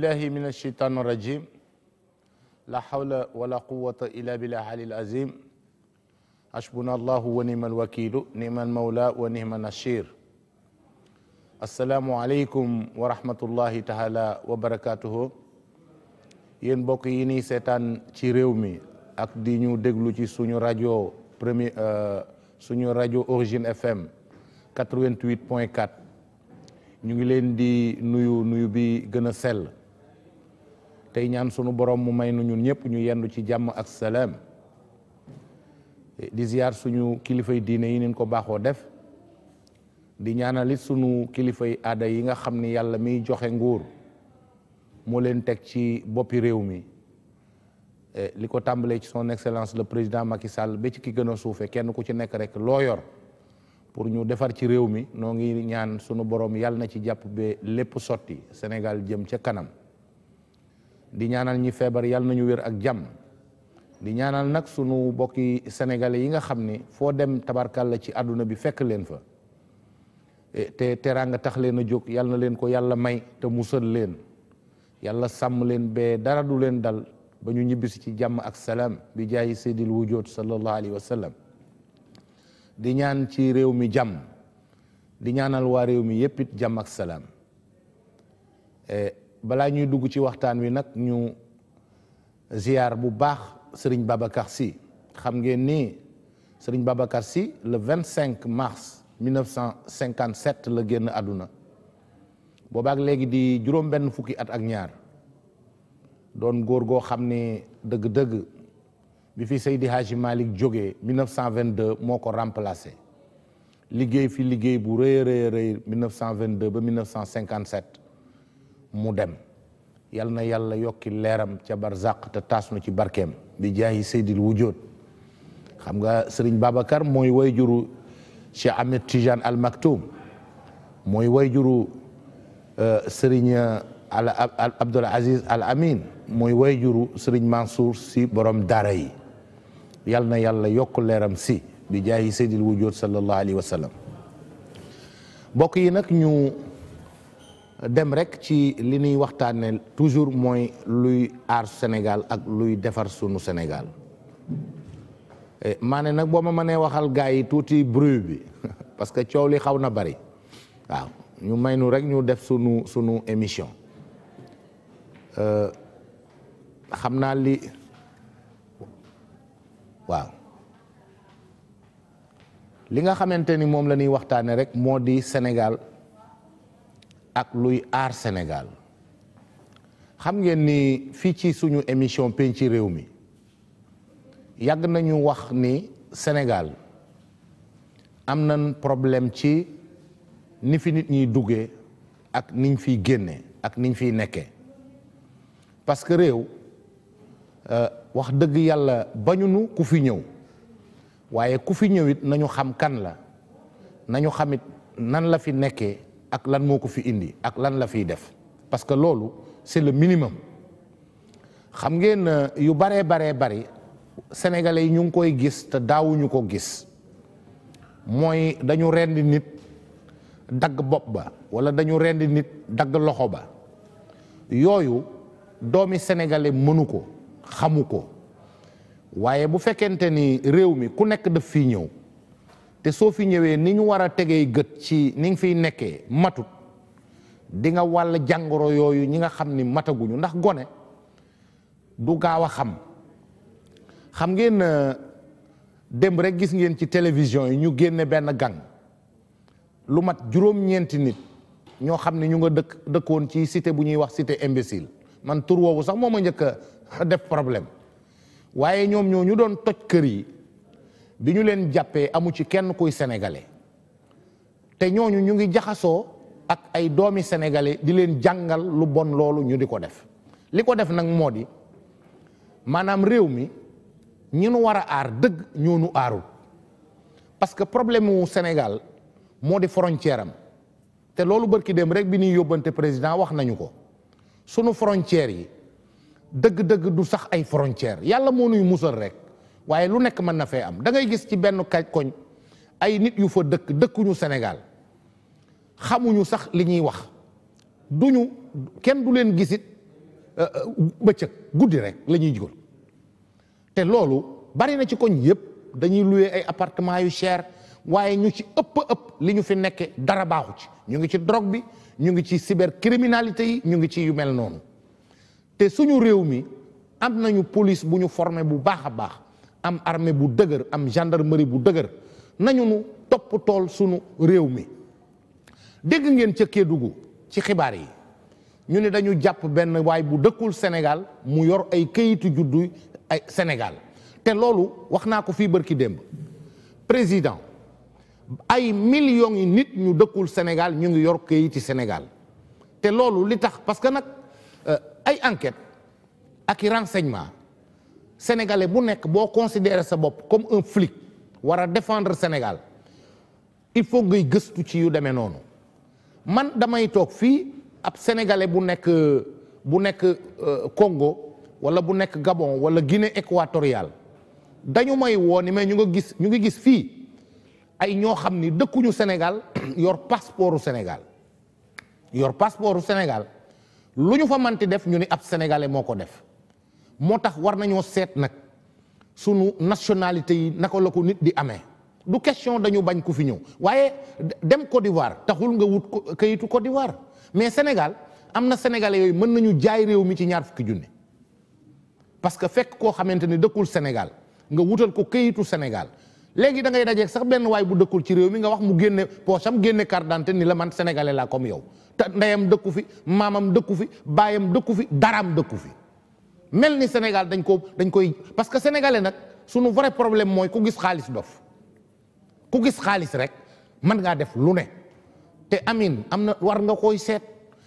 billahi min alsheitan irrajim la hawla wala quwata illa billah alil azim hasbuna allahu wa nima alwakilu nima almawla wa nima nasir asalaamu aleykum wa rahmatullahi taala wa barakatuhu yéen mbokk yi ni seetaan ci réew mi ak di ñu déglu ci suñu rajo premier suñu rajo origine fm 88 point 4 ñu ngi leen di nuyu nuyu bi gën a sell tey ñaan sunu borom mu may nu ñun ñëpp ñu yendu ci jàmm ak salaam di ziar suñu kilifay diine yi nin ko baaxoo def di ñaanalit sunu kilifay aada yi nga xam ni yàlla miy joxe nguur moo leen teg ci boppi réew mi eh, li ko tàmbalee ci son excellence le président Macky Sall ba ci ki gën a suufe kenn ku ci nekk rek loo yor pour ñu defar ci réew mi noo ngi ñaan sunu borom yàlla na ci jàpp ba lépp sotti Sénégal jëm ca kanam di ñaanal ñi feebar yàlla nañu wér ak jàmm di ñaanal nag sunu bokki sénégalais yi nga xam ni foo dem la ci àdduna bi fekk leen fa eh, te teraanga tax leen a jóg yàlla na leen ko yàlla may te musal leen yàlla sàmm leen bee dara du leen dal ba ñu ñibbisi ci jàmm ak salaam bi jaayi seydil wujood sallallahu alayhi di ñaan ci réew mi jàmm di ñaanal waa réew mi yépp jàmm ak salaam eh, balaa ñuy dugg ci waxtaan wi nag ñu ziar bu baax sëriñ Babacar Sy xam ngeen ni sëriñ Babacar Sy le 25 mars 1957 la génn àdduna boobaak léegi di juróom benn fukki at ak ñaar doon góor goo xam ne dëgg-dëgg bi fi Seydi Hadji Malick jógee 1922 moo ko remplacé liggéey fi liggéey bu rëy a rëy 1922 ba 1957 mu dem yal na yàlla yokk leeram ca barzaq te taas nu ci barkeem bi jaayi seydil wujood xam nga sëriñ Babacar mooy way juru Cheikh Ahmed Tidiane Al Maktoum mooy way juru euh, sëriñ euh, Abdul Aziz Al Amin mooy way juru sëriñ Mansour si borom daara yi yal na yàlla yokk leeram si bi jaayi seydil wujood sallallahu alayhi wa sallam mbokk yi nag ñu dem rek ci li ñuy waxtaane toujours mooy luy aar Sénégal ak luy defar sunu Sénégal eh, maane nag boo ma mënee waxal gars yi tuuti bruit bi parce que coow li xaw na bari waaw ñu may nu rek ñu def sunu sunu émission eh, xam naa li waaw li nga xamante ni moom la ñuy waxtaanee rek moo di Sénégal. ak luy aar Sénégal xam ngeen ni fii ci suñu émission ci réew mi yàgg nañu wax ni Sénégal am nañ problème ci ni fi nit ñiy duggee ak niñ fiy génne ak niñ fiy nekkee parce que réew euh, wax dëgg yàlla bañunu ku fi ñëw waaye ku fi ñëwit nañu xam kan la nañu xamit nan la fi nekkee ak lan moo ko fi indi ak lan la fiy def parce que loolu c'est le minimum xam ngeen euh, yu baree baree bari sénégalais yi ñu ngi koy gis te daawuñu ko gis mooy dañu rend nit dagg bopp ba wala dañu rend nit dagg loxo ba yooyu doomi sénégalais mënu ko xamu ko waaye bu fekkente ni réew mi ku nekk daf fii ñëw te soo fi ñëwee ni ñu war a tegee gët ci ni fiy nekkee matut di nga wàll jàngoro yooyu ñi nga xam ni mataguñu ndax gone du gaaw a xam xam ngeen euh, démb rek gis ngeen ci télévision yi ñu génne benn gang lu mat juróom-ñeenti nit ñoo xam ni ñu nga dëkk dëkkoon ci cité bu ñuy wax cité imbécile man tur woowu sax moom a njëkk def problème waaye ñoom ñoo ñu doon toj kër yi. bi ñu leen jàppee amu ci kenn kuy sénégalais te ñooñu ñu ngi jaxasoo ak ay doomi sénégalais di leen jàngal lu bon loolu ñu di ko def li ko def nag moo di maanaam réew mi ñi war a aar dëgg ñoo nu parce que problème wu Sénégal moo di frontière am te loolu bërki dem rek bi ñuy yóbbante président wax nañu ko sunu frontières yi dëgg-dëgg du sax ay frontières yàlla moo nuy musal rek waaye lu nekk mën na fee am dangay gis ci benn kaj koñ ay nit yu fa dëkk dëkkuñu Sénégal xamuñu sax li ñuy wax ñu kenn du leen gisit euh, euh, bëccëg guddi rek la ñuy jógal te loolu bari na ci koñ yëpp dañuy louer ay appartement yu cher waaye ñu ci ëpp ëpp li ñu fi nekke dara baaxu ci ñu ngi ci drogue bi ñu ngi ci cybercriminalité yi ñu ngi ci mel noonu te suñu réew mi am nañu police bu ñu formé bu baax a baax am armée bu dëgër am gendarmerie bu dëgër nañu nu topp tool sunu réew mi dégg ngeen cëkkee Kédougou ci xibaar yi ñu ne dañu jàpp benn waay bu dëkkul Sénégal mu yor ay këyitu juddu ay Sénégal te loolu wax naa ko fii bërki démb président ay millions yi nit ñu dëkkul Sénégal ñu ngi yor këyiti Sénégal te loolu li tax parce que nag euh, ay enquête ak i renseignement sénégalais bu nekk boo considérer sa bopp comme un flic war a defendre Sénégal il faut ngay gëstu ci yu demee noonu man damay toog fii ab sénégalais bu nekk bu nekk euh, Congo wala bu nekk Gabon wala Guinée équatoriale dañu may woo ni mais ñu nga gis ñu ngi gis fii ay ñoo xam ni dëkkuñu Sénégal yor passeportu Sénégal yor passeportu Sénégal lu ñu fa manti def ñu ni ab sénégalais moo ko def moo tax war nañoo seet nag sunu nationalité yi naka la ko nit di amee du question dañu bañ ku fi ñëw waaye dem Côte d'Ivoire taxul nga wut kayitu Côte d'Ivoire mais Sénégal am na sénégalais yooyu mën nañu jaay réew mi ci ñaar fukki junne parce que fekk koo xamante ne dëkkul Sénégal nga wutal ko kayitu Sénégal léegi da ngay dajeeg sax benn waay bu dëkkul ci réew mi nga wax mu génne poche am génne carte d'identité ni la man sénégalais laa comme yow te ndeyam dëkku fi maamam dëkku fi baayam dëkku fi daraam dëkku fi mel ni Sénégal dañ ko dañ koy parce que sénégalais nag suñu vrai problème mooy ku gis xaalis dof ku gis xaalis rek mën ngaa def lu ne te amin am na war nga koy seet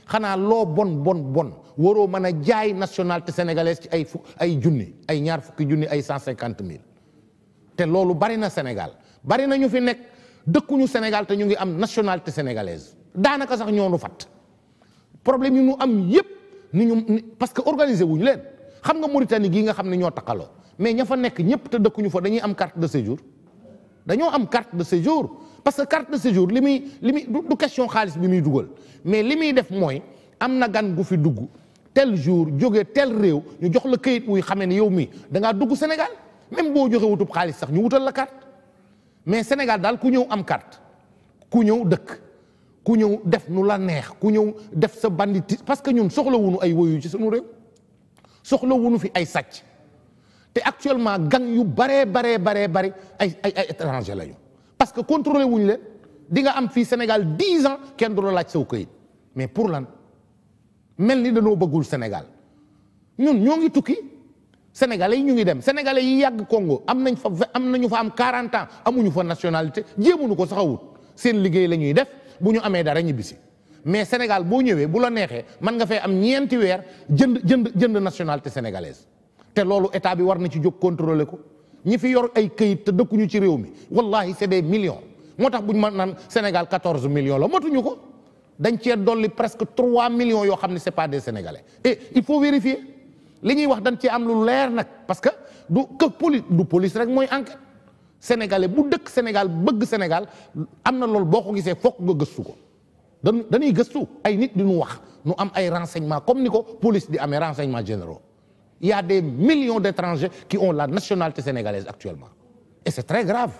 xanaa loo bon bon bon waroo mën a jaay nationalité sénégalaise ci ay fukk ay junni ay ñaar fukki junni ay cent cinquante mille te loolu bari na Sénégal bari na ñu fi nekk dëkkuñu Sénégal te ñu ngi am nationalité sénégalaise daanaka sax ñoo nu fat problème yi ñu am yépp ni ñu parce que organiser wuñ leen. xam nga Mauritanie gii nga xam ne ñoo taqaloo mais ña fa nekk ñëpp te dëkkuñu fa dañuy am carte de séjour dañoo am carte de séjour parce que carte de séjour li muy li muy du question xaalis bi muy dugal mais li muy def mooy am na gan gu fi dugg tel jour jóge tel réew ñu jox la këyit wuy xamee ne yow mii da dugg Sénégal même boo joxe wutub xaalis sax ñu wutal la carte mais Sénégal daal ku ñëw am carte ku ñëw dëkk ku ñëw def nu la neex ku ñëw def sa bandit parce que ñun soxlawuñu ay woyu ci sunu réew. soxla wuñu fi ay sàcc te actuellement gang yu baree baree baree bari ay ay ay étranger lañu parce que contrôlé wuñu leen di nga am fii Sénégal dix ans kenn du la laaj saw këyit mais pour lan mel ni dañoo bëggul Sénégal ñun ñoo ngi tukki sénégalais yi ñu ngi dem sénégalais yi yàgg Congo am nañ fa am nañu fa am 40 ans amuñu fa nationalité jéemuñu ko sax seen liggéey la ñuy def bu ñu amee dara ñibbisi mais Sénégal boo ñëwee bu la neexee man nga fay am ñeenti weer jënd jënd jënd nationalité sénégalaise te loolu état bi war na ci jóg contrôler ko ñi fi yor ay këyit te dëkkuñu ci réew mi wallahi c'est des million moo tax bu ñu mën naan Sénégal 14 millions la motuñu ko dañ cee dolli presque 3 millions yoo xam ne c'est pas des sénégalais et il faut vérifier li ñuy wax dañ cee am lu leer nag parce que du que police du police rek mooy enquête sénégalais bu dëkk Sénégal bëgg Sénégal am na loolu boo ko gisee fokk nga gëstu ko. dañuy dañuy gëstu ay nit di ñu wax nu am ay renseignements comme ni ko police di amee renseignements généraux il y a des millions d'étrangers qui ont la nationalité sénégalaise actuellement et c'est très grave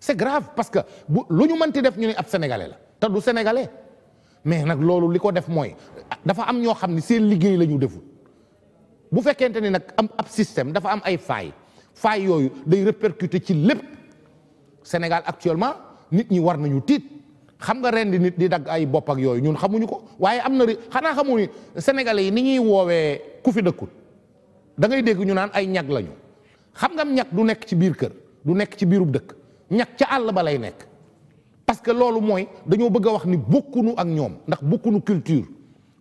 c'est grave parce que bu lu ñu mënti def ñu ne ab sénégalais la te du sénégalais mais nag loolu li ko def mooy dafa am ñoo xam ni seen liggéey la ñu deful bu fekkente ni nag am ab système dafa am ay failles failles yooyu day répercuter ci lépp Sénégal actuellement nit ñi war nañu tiit. xam nga ren di nit di dagg ay bopp ak yooyu ñun xamuñu ko waaye am na ri xanaa xamu ni sénégalais yi ni ñuy woowee ku fi dëkkul dangay ngay dégg ñu naan ay ñag lañu xam ngam ñag du nekk ci biir kër du nekk ci biirub dëkk ñag ca àll ba lay nekk parce que loolu mooy dañoo bëgg a wax ni bokkunu ak ñoom ndax bokkunu culture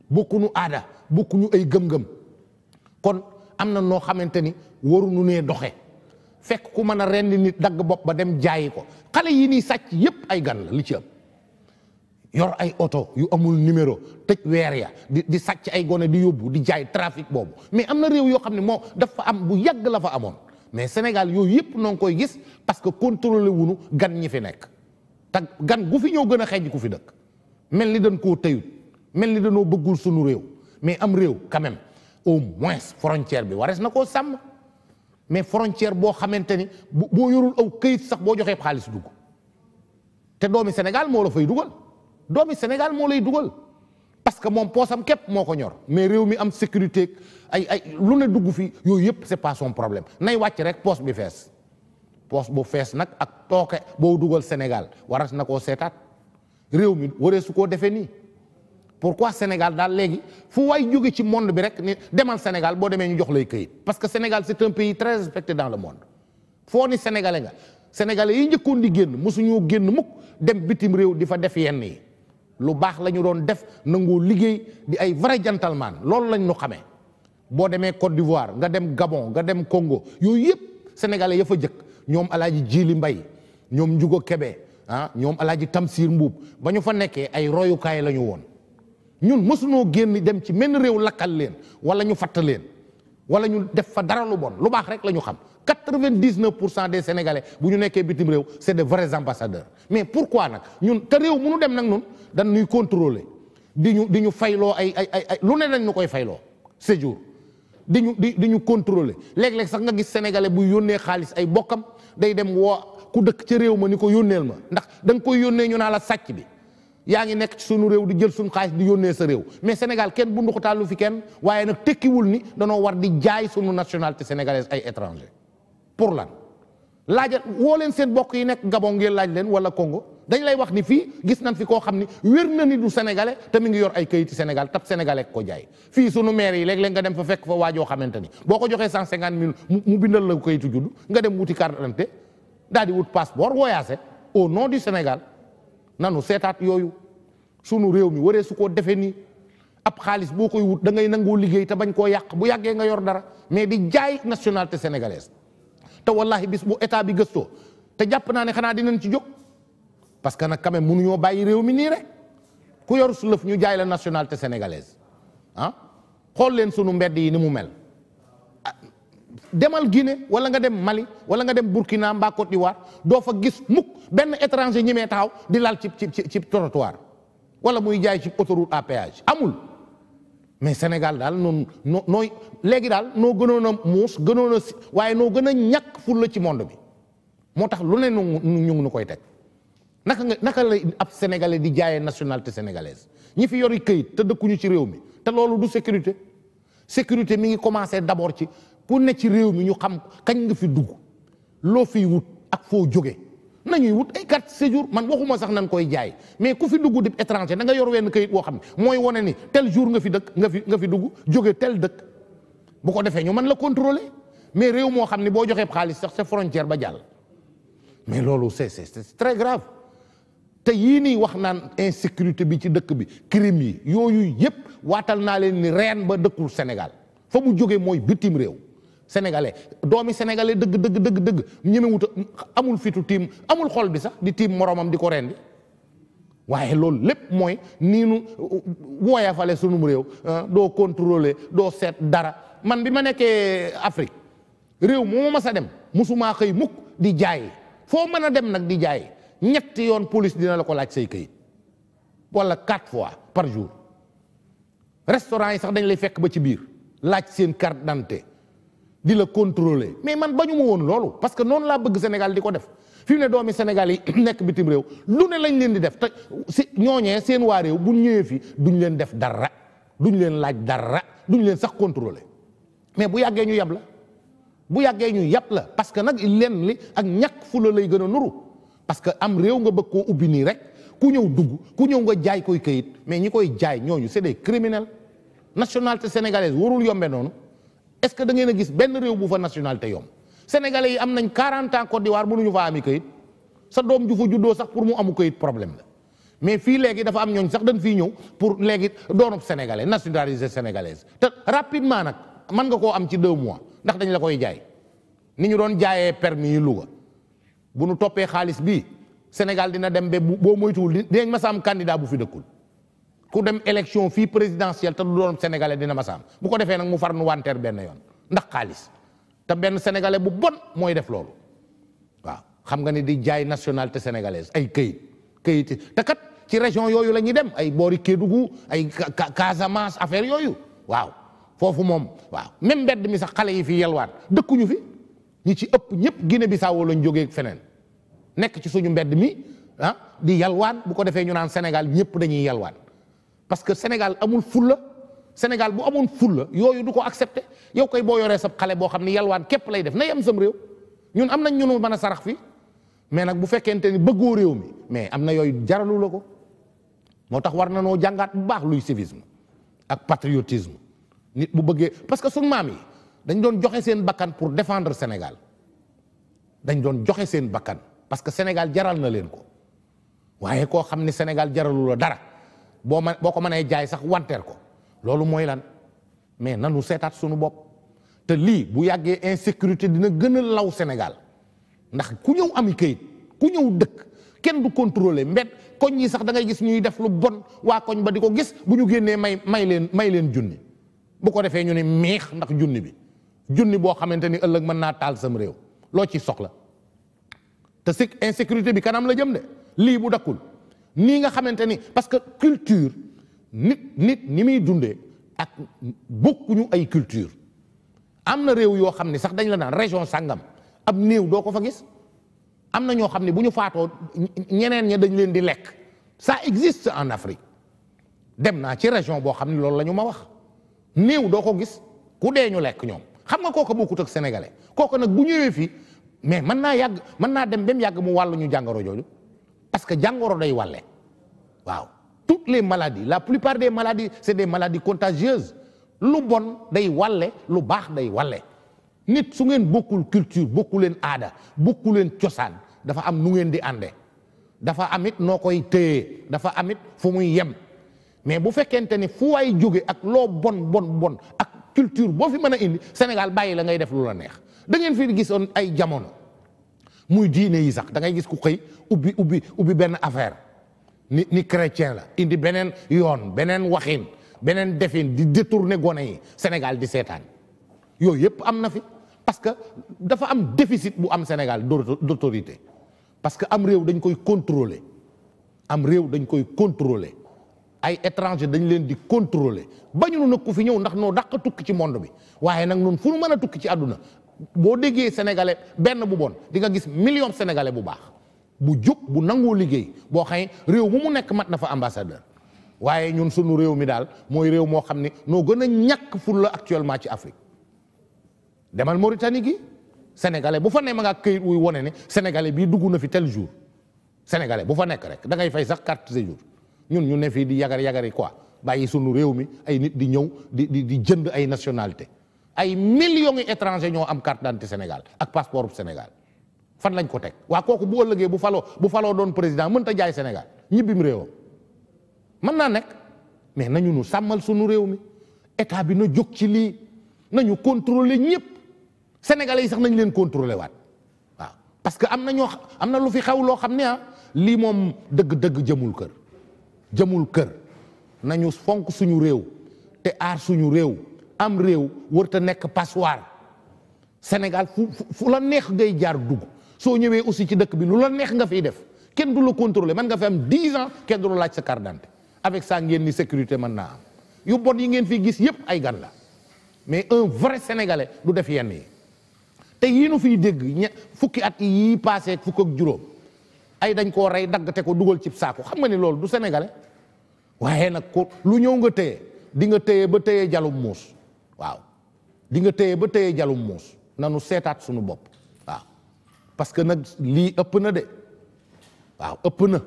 bokkunu aada bokkunu ay gëm-gëm kon am na noo xamante ni waruñu nee doxe fekk ku mën a di nit dagg bopp ba dem jaayi ko xale yi nii sàcc yépp ay gan la li ci am yor ay oto yu amul numéro tëj weer ya di sàcc ay gone di yóbbu di jaay trafic boobu mais am na réew yoo xam ne moo dafa am bu yàgg la fa amoon mais Sénégal yooyu yëpp noo ngi koy gis parce que contrôlé wunu gan ñi fi nekk te gan gu fi ñëw gën a xeej ku fi dëkk mel ni dañ koo tëyut mel ni dañoo bëggul suñu réew mais am réew quand même au moins frontière bi warees na koo sàmm mais frontière boo xamante ni boo yorul aw këyit sax boo joxee xaalis dugg te doomi Sénégal moo fay dugal doomi Sénégal moo lay dugal parce que moom poosam képp moo ko ñor mais réew mi am sécurité ay ay lu ne dugg fi yooyu yëpp c'est pas son problème nay wàcc rek poos bi fees poos bu fees nag ak tooke boo dugal Sénégal waras na koo seetaat réew mi waree su koo defee nii pourquoi Sénégal daal léegi fu waay jóge ci monde bi rek ni demal Sénégal boo demee ñu jox lay kayit parce que Sénégal c'est un pays très respecté dans le monde foo ni sénégalais nga sénégalais njëkkoon di génn mosuñoo génn mukk dem bitim réew di fa def yenn yi lu baax la ñu doon def nangoo liggéey di ay vrai gentleman loolu lañ ñu xamee boo demee Côte d'Ivoire nga dem Gabon nga dem Congo yooyu yëpp sénégalais ya fa jëkk ñoom alaaji Jili Mbay ñoom Njugo Kebe ah ñoom alaaji Tamsir Mbuub ba ñu fa nekkee ay royukaay la ñu woon ñun mësunoo génn dem ci menn réew lakkal leen wala ñu fatt leen wala ñu def fa dara lu bon lu baax rek la ñu xam quatre-vingt-dix-neuf pour cent des sénégalais bu ñu nekkee bitim réew c'est de vrais ambassadeurs mais pourquoi nag ñun te réew mu nu dem nag ñun dana ñuy contrôler di ñu di ñu fayloo ay ay ay lu ne lañ ñu koy fayloo séjour di ñu di di ñu contrôler léeg-léeg sax nga gis sénégalais buy yónnee xaalis ay bokkam day dem woo ku dëkk ca réew ma ni ko yónneel ma ndax da koy yónnee ñu naa la sàcc bi. yaa ngi nekk ci sunu réew di jël sunu xaalis di yónnee sa réew mais Sénégal kenn bundu ko tàllu fi kenn waaye nag tekkiwul ni danoo war di jaay sunu nationalité sénégalaise ay étranger pour lan laajal woo leen seen bokk yi nekk Gabon ngeen laaj leen wala Congo dañ lay wax ni fii gis nañ fi koo xam ni wér na ni du sénégalais te mi ngi yor ay kayiti Sénégal tab sénégalais ko jaay fii sunu maire yi léeg-léeg nga dem fa fekk fa waajoo xamante ni boo ko joxee cent cinquante mille mu bindal la kayitu judd nga dem wuti carte d'identité daal di wut passeport voyagé au nom du Sénégal nanu seetaat yooyu sunu réew mi waree su koo defee nii ab xaalis boo koy wut da ngay nangoo liggéey te bañ koo yàq bu yàggee nga yor dara mais di jaay nationalité sénégalaise te wallahi bis bu état bi gëstoo te jàpp naa ne xanaa dinañ ci jóg parce que nag quand même mënuñoo bàyyi réew mi nii rek ku yor su lëf ñu jaay la nationalité sénégalaise ah xool leen sunu mbedd yi ni mu mel demal Guinée wala nga dem Mali wala nga dem Burkina mbaa di d'Ivoire doo fa gis mukk benn étranger ñi mee taxaw di laal ci ci ci trottoir wala muy jaay ci autoroute à péage amul mais Sénégal daal noonu noo nooy léegi daal noo gënoon a muus gënoon waaye noo gën a ñàkk fulla ci monde bi moo tax lu ne nu ñu nu koy teg naka nga naka la ab sénégalais di jaayee nationalité sénégalaise ñi fi yori këyit te dëkkuñu ci réew mi te loolu du sécurité sécurité mi ngi commencé d'abord ci ku ne ci réew mi ñu xam kañ nga fi dugg loo fiy wut ak foo jóge nañuy wut ay carte séjour man waxuma sax nan koy jaay mais ku fi dugg di étranger da nga yor wenn kayit boo xam ne mooy wane ni tel jour nga fi dëkk nga fi nga fi dugg jóge tel dëkk bu ko defee ñu man la contrôler mais réew moo xam ne boo joxee xaalis sax sa frontière ba jàll mais loolu c'est c'est très grave te yii nii wax naan insécurité bi ci dëkk bi crime yi yooyu yëpp waatal naa leen ni reen ba dëkkul Sénégal fa jógee mooy bitim réew sénégalais doomi sénégalais dëgg dëgg dëgg dëgg ñemewut amul fitu tiim amul xol bi sax di tiim moromam di ko rendi waaye loolu lépp mooy niinu uh, woyafale wooyafale sunum réew uh, doo contrôler doo seet dara man bi ma nekkee Afrique réew moo ma sa dem musumaa xëy mukk di jaay foo mën a dem nag di jaay ñetti yoon police dina la ko laaj say këyit wala quatre fois par jour restaurant yi sax dañu lay fekk ba ci biir laaj seen carte d'identité di la contrôler mais man bañu ma woon loolu parce que noonu laa bëgg Sénégal di ko def fi mu ne doomi Sénégal yi nekk bitim réew lu ne lañ leen di def te si ñooñee seen waa réew bu ñëwee fi duñ leen def dara ñu leen laaj dara duñ leen sax contrôler mais bu yàggee ñu yab la bu yàggee ñu yab la parce que nag leen li ak ñàkk fula lay gën a nuru parce que am réew nga bëgg koo ubbi nii rek ku ñëw dugg ku ñëw nga jaay koy kayit mais ñi koy jaay ñooñu c'est des criminels nationalité sénégalaise warul yombe noonu. est-ce que da ngeen a gis benn réew bu fa nationalité yomb sénégale yi am nañ 40 waar Côte d'Ivoire mënuñu faa ami kayit sa doom ju fa juddoo sax pour mu amu kayit problème la mais fii léegi dafa am ñooñ sax dañ fii ñëw pour léegi doonub sénégalais nationalisé sénégalaise te rapidement nag mën nga koo am ci deux mois ndax dañ la koy jaay ni ñu doon jaayee permis yi Louga bu nu toppee xaalis bii Sénégal dina dem ba boo moytuwul dinañ mas a am candidat bu fi dëkkul ku dem élection fii présidentielle te du doon sénégalais dina ma bu ko defee nag mu far nu wanteer benn yoon ndax xaalis te benn sénégalais bu bon mooy def loolu waaw xam nga ni di jaay te sénégalaise ay këyit këyit te kat ci région yooyu lañuy dem ay boori Kédougou ay Casamance affaire yooyu waaw foofu moom waaw même mbedd mi sax xale yi fi yelwaat dëkkuñu fi ñi ci ëpp ñëpp Guinée Bissau lañ jógee feneen nekk ci suñu mbedd mi ah di yelwaat bu ko defee ñu naan Sénégal ñëpp dañuy yelwaat parce que Sénégal amul fulla Sénégal bu amoon fulla yooyu du ko accepté yow koy boo yoree sab xale boo xam ne yalwaan képp lay def nay am sam réew ñun am nañ ñunu mën a sarax fi mais nag bu fekkente ni bëggoo réew mi mais am na yooyu jaralu ko moo tax war na noo jàngaat bu baax luy civisme ak patriotisme nit bu bëggee parce que suñ maam yi dañ doon joxe seen bakkan pour défendre Sénégal dañ doon joxe seen bakkan parce que Sénégal jaral na leen ko waaye koo xam ne Sénégal jaralu dara boo ma boo ko mënee jaay sax wanteer ko loolu mooy lan mais nanu seetaat sunu bopp te lii bu yàggee insécurité dina gën a law Sénégal ndax ku ñëw ami kayit ku ñëw dëkk kenn du contrôler mbet koñ yi sax dangay gis ñuy def lu bon waa koñ ba di ko gis bu ñu génnee may may leen may leen junni bu ko defee ñu ne meex ndax junni bi junni boo xamante ni ëllëg mën naa taal sam réew loo ci soxla te si insécurité bi kanam la jëm de lii bu dakkul nii nga xamante ni parce que culture nit nit ni muy dundee ak bokkuñu ay culture am na réew yoo xam ne sax dañ la naan région sàngam ab néew doo ko fa gis am na ñoo xam ne bu ñu faatoo ñeneen ña dañ leen di lekk ça existe en Afrique dem naa ci région boo xam ne loolu lañu ma wax néew doo ko gis ku dee ñu lekk ñoom xam nga kooka bokkut ak sénégalais kooka nag bu ñëwee fii mais mën naa yàgg mën naa dem ba yàgg mu wàllu ñu jàngoro jooju parce que jàngoro day wàlle waaw toutes les maladies la plupart des maladies c'est des maladies contagieuses lu bon day walle lu baax day wàlle nit su ngeen bokkul culture bokku leen aada bokku leen cosaan dafa am nu ngeen di ànde dafa amit noo koy téye dafa amit fu muy yem mais bu fekkente ni fu waay jóge ak loo bon bon bon ak culture boo fi mën a indi Sénégal bàyyi la ngay def lu la neex da ngeen fi gisoon ay jamono muy diine yi sax da ngay gis ku xëy ubbi ubbi ubbi benn affaire ni ni chrétien la indi beneen yoon beneen waxin beneen defin di ne gone yi Sénégal di seetaan yooyu yëpp am na fi parce que dafa am déficit bu am Sénégal d'autorité parce que am réew dañ koy contrôler am réew dañ koy contrôler ay étranger dañ leen di contrôler bañu nag ku fi ñëw ndax noo daq tukki ci monde bi waaye nag noonu fu nu mën a tukki ci àdduna boo déggee sénégalais benn bu bon di nga gis million sénégalais bu baax bu jub bu nangoo liggéey boo xëy réew mi mu nekk mat na fa ambassadeur waaye ñun sunu réew mi daal mooy réew moo xam ne noo gën a ñàkk fulla actuellement ci Afrique demal Mauritanie gi sénégalais bu fa ne ma nga këyit wuy wone ne sénégalais bii dugg na fi tel jour sénégalais bu fa nekk rek dangay fay sax carte séjour ñun ñu ne fii di yagar yagari quoi bàyyi sunu réew mi ay nit di ñëw di di jënd ay nationalité ay millions étrangers ñoo am carte d'identité Sénégal ak passeport Sénégal fan lañ ko teg waa kooku bu ëllëgee bu faloo bu faloo doon président mënta jaay Sénégal ñibbim réewam mën naa nekk mais nañu nu sàmmal sunu réew mi état bi na jóg ci lii nañu contrôler ñëpp sénégalais yi sax nañ leen contrôler waat waaw parce que am nañoo am na lu fi xew loo xam ne ah lii moom dëgg-dëgg jëmul kër jëmul kër nañu fonk suñu réew te aar suñu réew am réew wër te nekk passoire Sénégal fu fu la neex ngay jaar dugg soo ñëwee aussi ci dëkk bi lu la neex nga fiy def kenn du la contrôler man nga fi am 10 ans kenn du la laaj sa carte d'identité avec ça ngeen ni sécurité man naa am yu bon yi ngeen fiy gis yépp ay gan la mais un vrai sénégalais du def yenn yi te yii nu fiy dégg ña fukki at yii passé fukk ak juróom ay dañ koo rey dagg te ko dugal cib saako xam nga ni loolu du sénégalais waaye nag ko lu ñëw nga téye di nga téye ba téye jalum muus waaw di nga téye ba téye jalum muus nanu seetaat suñu bopp parce que nag lii ëpp na de waaw ëpp na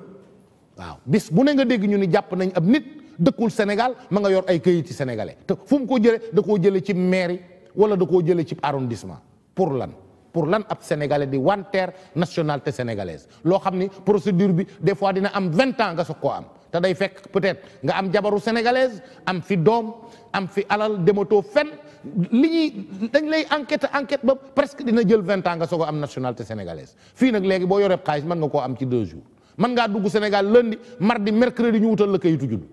waaw bis bu ne nga dégg ñu ni jàpp nañ ab nit dëkkul Sénégal ma nga yor ay këyit ci sénégalais te fu mu ko jëlee da koo jëlee ci mairie wala da koo jëlee ci arrondissement pour lan pour lan ab sénégalais di wanteer national nationalité sénégalaise loo xam ni procédure bi des fois dina am vingt ans nga soog koo am te day fekk peut-être nga am jabaru sénégalaise am fi doom am fi alal dematoo fen li ñuy dañ lay enquête enquête ba presque dina jël vingt ans nga soog a am nationalté sénégalaise fii nag léegi boo yoreb xaalis mën nga koo am ci deux jours mën ngaa dugg Sénégal lundi mardi mercredi ñu wutal la kayitu judd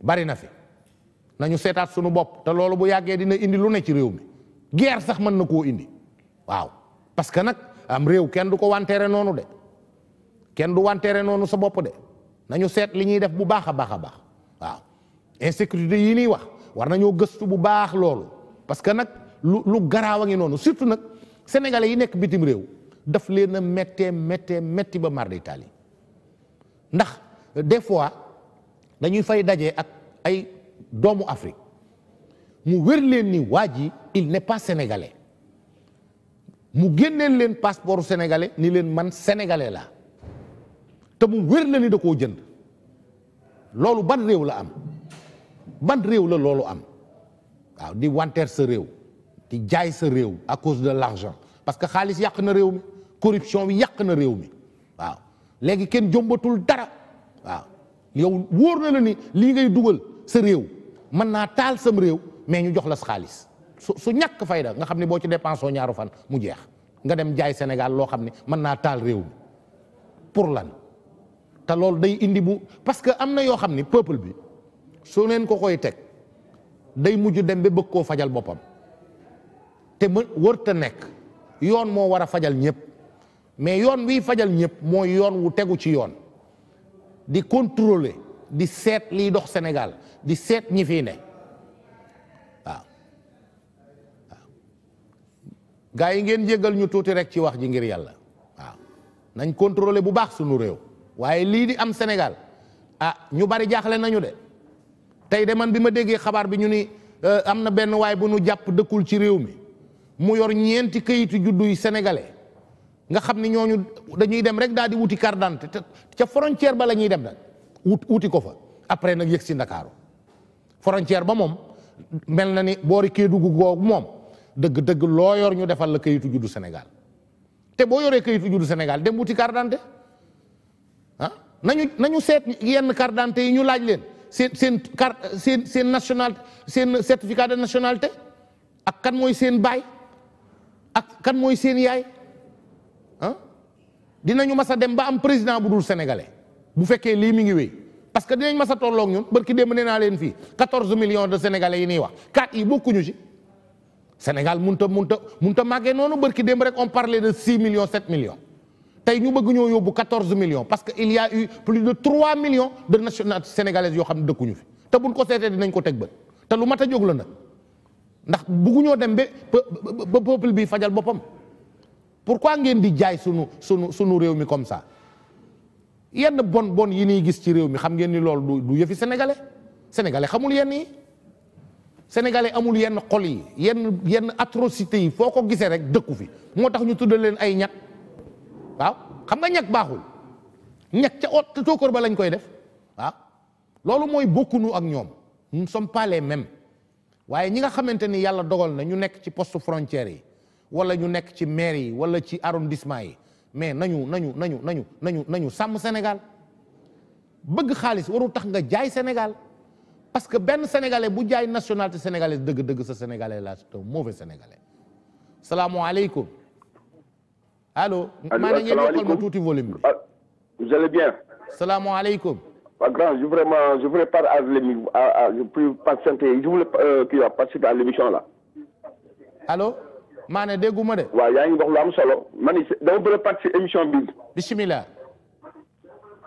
bari na fi nañu seetaat sunu bopp te loolu bu yàggee dina indi lu ne ci réew mi guerre sax mën na koo indi waaw parce que nag am réew kenn du ko wanteere noonu de kenn du wanteere noonu sa bopp de nañu seet li ñuy def bu baax a baax a baax waaw insécurité yi nii wax war nañoo gëstu bu baax loolu parce que nag lu lu garaaw a ngi noonu surtout nag sénégalais yi nekk bitim réew daf leen a méttee méttee métti ba mar d'Italie ndax des fois dañuy fay daje ak ay doomu Afrique mu wér leen ni waa ji il n'est pas sénégalais mu génneel leen passeport sénégalais ni leen man sénégalais laa te mu wér la ni da koo jënd loolu ban réew la am. ban réew la loolu am waaw di wanteer sa réew di jaay sa réew à cause de l'argent parce que xaalis yàq na réew mi corruption bi yàq na réew mi waaw léegi kenn jombatul dara waaw yow wóor na la ni lii ngay dugal sa réew mën naa taal sam réew mais ñu jox la xaalis su su ñàkk fayda nga xam ne boo ci dépensé ñaaru fan mu jeex nga dem jaay Sénégal loo xam ne mën naa taal réew mi pour lan te loolu day indi bu parce que am na yoo xam ni peuple bi soo leen ko koy teg day mujj dem ba bëgg koo fajal boppam te mën wërta nekk yoon moo war a fajal ñëpp mais yoon wiy fajal ñëpp mooy yoon wu tegu ci yoon di contrôler di seet lii dox Sénégal di seet ñi fii ne waaw waaw gaa yi ngeen jéggal ñu tuuti rek ci wax ji ngir yàlla waaw nañ contrôler bu baax sunu réew waaye lii di am Sénégal a ah, ñu bari jaaxle nañu de tey de man bi ma déggee xabaar bi ñu ni euh, am na benn waay bu ñu jàpp dëkkul ci réew mi mu yor ñeenti këyitu juddu yu nga xam ni ñooñu dañuy dem rek daal di wuti carte d'identité ca frontière ba la ñuy dem da wut wuti ko fa après nag yëg si Ndakaaru frontière ba moom mel na ni boori Kédougou googu moom dëgg dëgg loo yor ñu defal la këyitu juddu senegal te boo yoree këyitu juddu Sénégal dem wuti carte ah, nañu nañu seet yenn carte yi ñu laaj leen. seen seen carte seen seen national seen certificat de nationalité ak kan mooy seen baay ak kan mooy seen yaay ah dinañu mas a dem ba am président bu dul sénégalais bu fekkee lii mi ngi wéy parce que dinañ mas a tolloog ñun barki démb nee leen fii 14 millions de sénégalais yi nii wax kat yi bokkuñu ci Sénégal mënut a mënut a mënut a màggee noonu barki démb rek on parlait de 6 millions 7 millions. tey ñu bëgguñoo yóbbu 14 millions parce que il y a eu plus de 3 millions de nationalités sénégalaises yoo xam ne dëkkuñu fi te buñ ko seetee dinañ ko teg bët te lu mat a jóg ndax bëgguñoo dem ba ba peuple bi fajal boppam pourquoi ngeen di jaay sunu sunu sunu réew mi comme sax yenn bon bon yi ñuy gis ci réew mi xam ngeen ni loolu du yëfi sénégalais sénégalais xamul yenn yi sénégalais amul yenn xol yi yenn yenn atrocité yi foo ko gisee rek dëkku fi moo tax ñu tuddal leen ay ñat waaw xam nga ñag baaxul ñag ca ot te tóokóor ba lañ koy def waaw loolu mooy bokkunu ak ñoom nous ne sommes waaye ñi nga xamante ni yàlla dogal na ñu nekk ci poste frontière yi wala ñu nekk ci maire yi wala ci arrondissement yi mais nañu nañu nañu nañu nañu nañu sàmm senegal bëgg xaalis warul tax nga jaay Sénégal parce que benn sénégalais bu jaay nationalité sénégalaise dëgg-dëgg sa sénégalais la c'est un mauvais sénégalais salaamualeykum allo. maa na ngeen tuuti volume bi. Ah, bien. salaamaaleykum. waaw ah, grand je vraiment je voulais parler à l'émission à je voulais patienter je voulais kii euh, participer à l'émission là. allo. maa de. waaw yaa ngi wax lu am solo. man it dama bëgg a participer émission bi. bisimilah.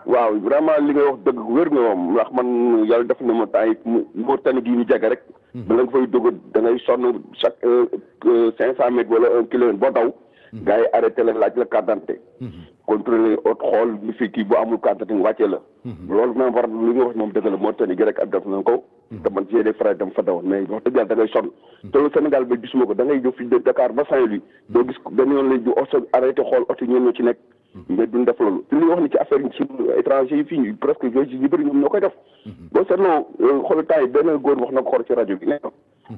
waaw vraiment li nga wax dëgg wér ndax man yàlla def na ma temps yi mu tane gii ñu jege rek. Hmm. bala nga fay dugg da ngay sonn chaque euh, euh, cinq cent mètres wala un kilomètre boo daw. Mm-hmm. gars yi arrêté la laaj la carte mm-hmm. d'identité contrôlé ot xool monsieur kii boo amul carte d'identité wàccee la mm-hmm. loolu même war li nga wax moom dëgg la moo tax ni gërek ab def nañ ko te sonn te loolu Sénégal ba gisuma ko da ngay Dakar ba Saint-Louis doo gis benn yoon lañ di oto arrêté xool oto ñoom ñoo ci nekk mais duñ def loolu te li wax ni ci affaire yi étranger yi fii presque yooyu ñu bëri ñoom ñoo koy def boo seetloo euh, xool temps yi benn góor wax na ko ci rajo bi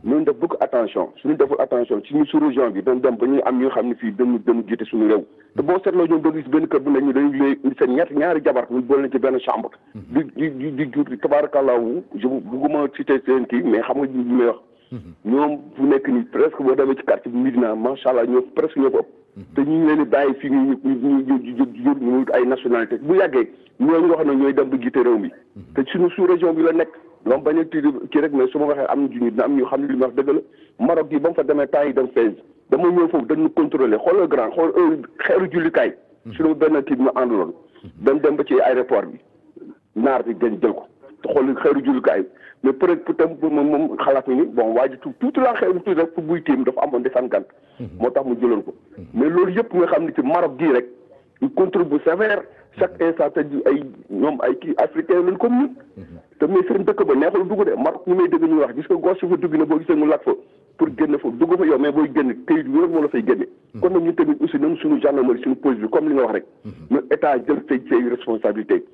ñun def beaucoup attention suñu deful attention suñu su région bi dañ dem ba ñuy am ñoo xam ne fii dañu dañu suñu réew te boo seetloo ñoom doo gis benn kër bu ne ñu dañu ñaari jabar ñu boole ci benn chambre di di di jur tabaarakallaahu je bugguma mais xam nga ñu may wax ñoom fu nekk nii presque boo demee ci quartier bi Médina macha allah ñoo presque ñoo ko fii ñu ñu ñu ñu ay nationalité bu yàggee ñooñu nga xam ne ñooy dem ba jiite réew mi te suñu sous-région bi la nekk donc bañ a tudd kii rek mais su ma waxee am juñu dina am ñu xam li ma wax dëgg la Maroc yi ba mu fa demee temps yi dem Fès dama ñëw foofu dañu contrôlé xoolal grand xool xeeru jullikaay. Mhm. suñu benn kii bi ñu àndaloon. Mhm. dem dem ba ci aéroport bi naar bi dañ jël ko te xool xeeru jullikaay mais peut être tam moom moom xalaat ñu ni bon waa ji tuuti tuuti laa xeeru tuuti rek fu buy tiim dafa amoon desaan gant. Mhm. moo tax mu jëloon ko. mais loolu yëpp nga xam ne ci Maroc gii rek. contribue sévère chaque mhm. instant te ay ñoom ay kii africain lañ comme ñun mhm. te mais seen dëkk ba neexul dugg de Maroc ñu may dëgg ñuy wax gis nga gos boo gisee mu lakk fa pour génn fa dugg fa yow mais booy génn këyit wér moo la fay génne mhm. kon nag ñu nga wax rek ñu état jël say say responsabilité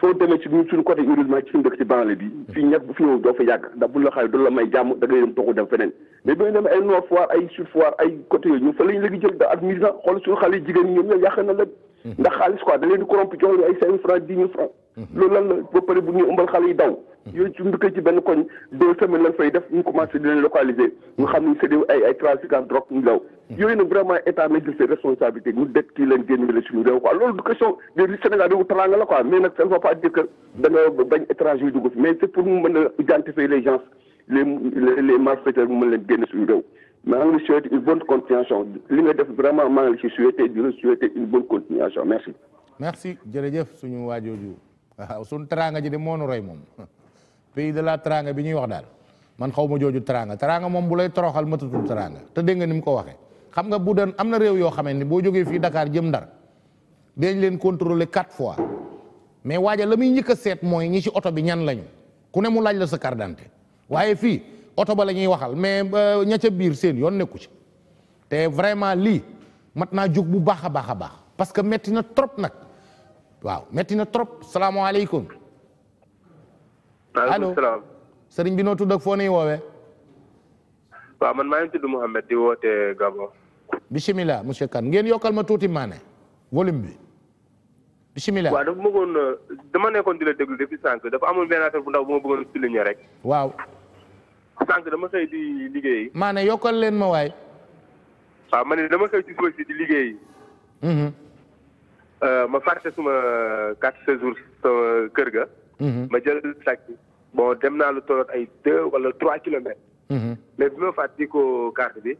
soo demee ci ñun suñu côté heureusement ci suñu dëkk ci banlieue bi fii ñàkk fi ñëw doo fa yàgg ndax buñ la xaay du la may jàmm da ngay dem toxu dem feneen mais bi nga demee ay Nord Foire ay Sud Foire ay côté yooyu fa lañ léegi jël da ak mise na xool suñu xale yi jigéen ñoom yàq na la Mhm. ndax xaalis quoi da leen di corrompu jox leen ay cinq mille francs mhm. loolu la ba pare bu ñuy ëmbal xale yi daw mhm. yooyu ci ndukkee ci benn koñ deux semaines lañ fay def ñu commencé leen localiser ñu xam ni c'est des ay ay trafiquants drogue daw yooyu nag vraiment état na jël ses responsabilités mu ki kii leen génn suñu réew quoi loolu du question de li Sénégal réewu teraanga la quoi mais nag ça ne va pas dire que da bañ étranger yi dugg mais c'est pour mu mën a identifier les gens les les malfaiteurs mu mën leen génn suñu maa ngi la li nga def vraiment maa ngi la ci di la souhaité une bonne continuation merci. merci jërëjëf suñu waajooju waaw suñu teraanga ji moom moonu rey moom pays de la teraanga bi ñuy wax daal man xaw ma jooju teraanga teraanga moom bu lay toroxal matatul teraanga te dégg nga ni mu ko waxee xam nga bu doon am na réew yoo xamante ni boo jógee fii dakaar jëm Ndar dañ leen contrôler quatre fois mais waaja la muy njëkk a seet mooy ñi ci oto bi ñan lañu ku ne mu laaj la sa carte oto ba la ñuy waxal mais euh, ña ca biir seen yoon nekku ci te vraiment lii mat naa jóg bu baax a baax a baax parce que metti na trop nag waaw metti na trop salaamaaleykum. maaleykum salaam allo sëriñ bi noo tudd ak foo nuy woowee. waaw man maa tudd Mouhamed di woote Gabon. bisimilah monsieur Kane ngeen yokkal ma tuuti maane volume bi. bisimilah waaw dafa bëggoon euh, dama nekkoon di la déglu sànq dafa amul benn affaire bu ndaw bu ma bëggoon souligner rek. waaw. sànq dama xëy di liggéey. maa ne yokkal leen ma waay. waaw ma ne dama xëy ci suba si di liggéey. Mhm. Euh, ma fàtte suma quatre séjours sama kër ga. Mhm. ma jël taxi bon dem naa lu tolloot ay deux wala trois kilomètres. Mhm. mais bi ma fàttali ko carte bi.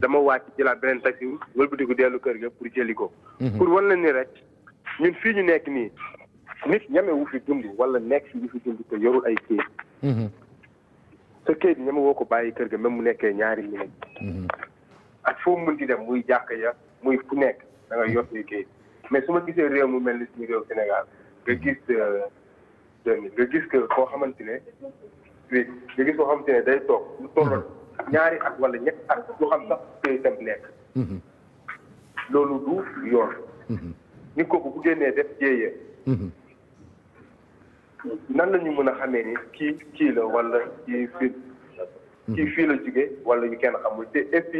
dama wàcc jëlaat beneen taxi wëlbatiku dellu kër ga pour jëli ko. pour wan la ni rek ñun fii ñu nekk nii nit ñame wu fi dund nekk fi ñu fi dund yorul ay kii. sa kayit ñama woo ko bàyyi kër ga même mu nekkee ñaari minute mhm. ak foo mën di dem muy jàkk ya muy fu nekk da nga yor say mais su ma gisee réew mu mel ni suñu réew Sénégal nga gis euh, nga koo xamante ne nga gis koo xamante ne day toog mhm. ñaari at wala ñetti ak du xam sax kayitam nekk mhm. loolu du yoon. ni kooku bu génnee def jéeye nan la ñu mën a xamee ni kii kii la wala kii fii kii la jóge wala yu kenn xamul te et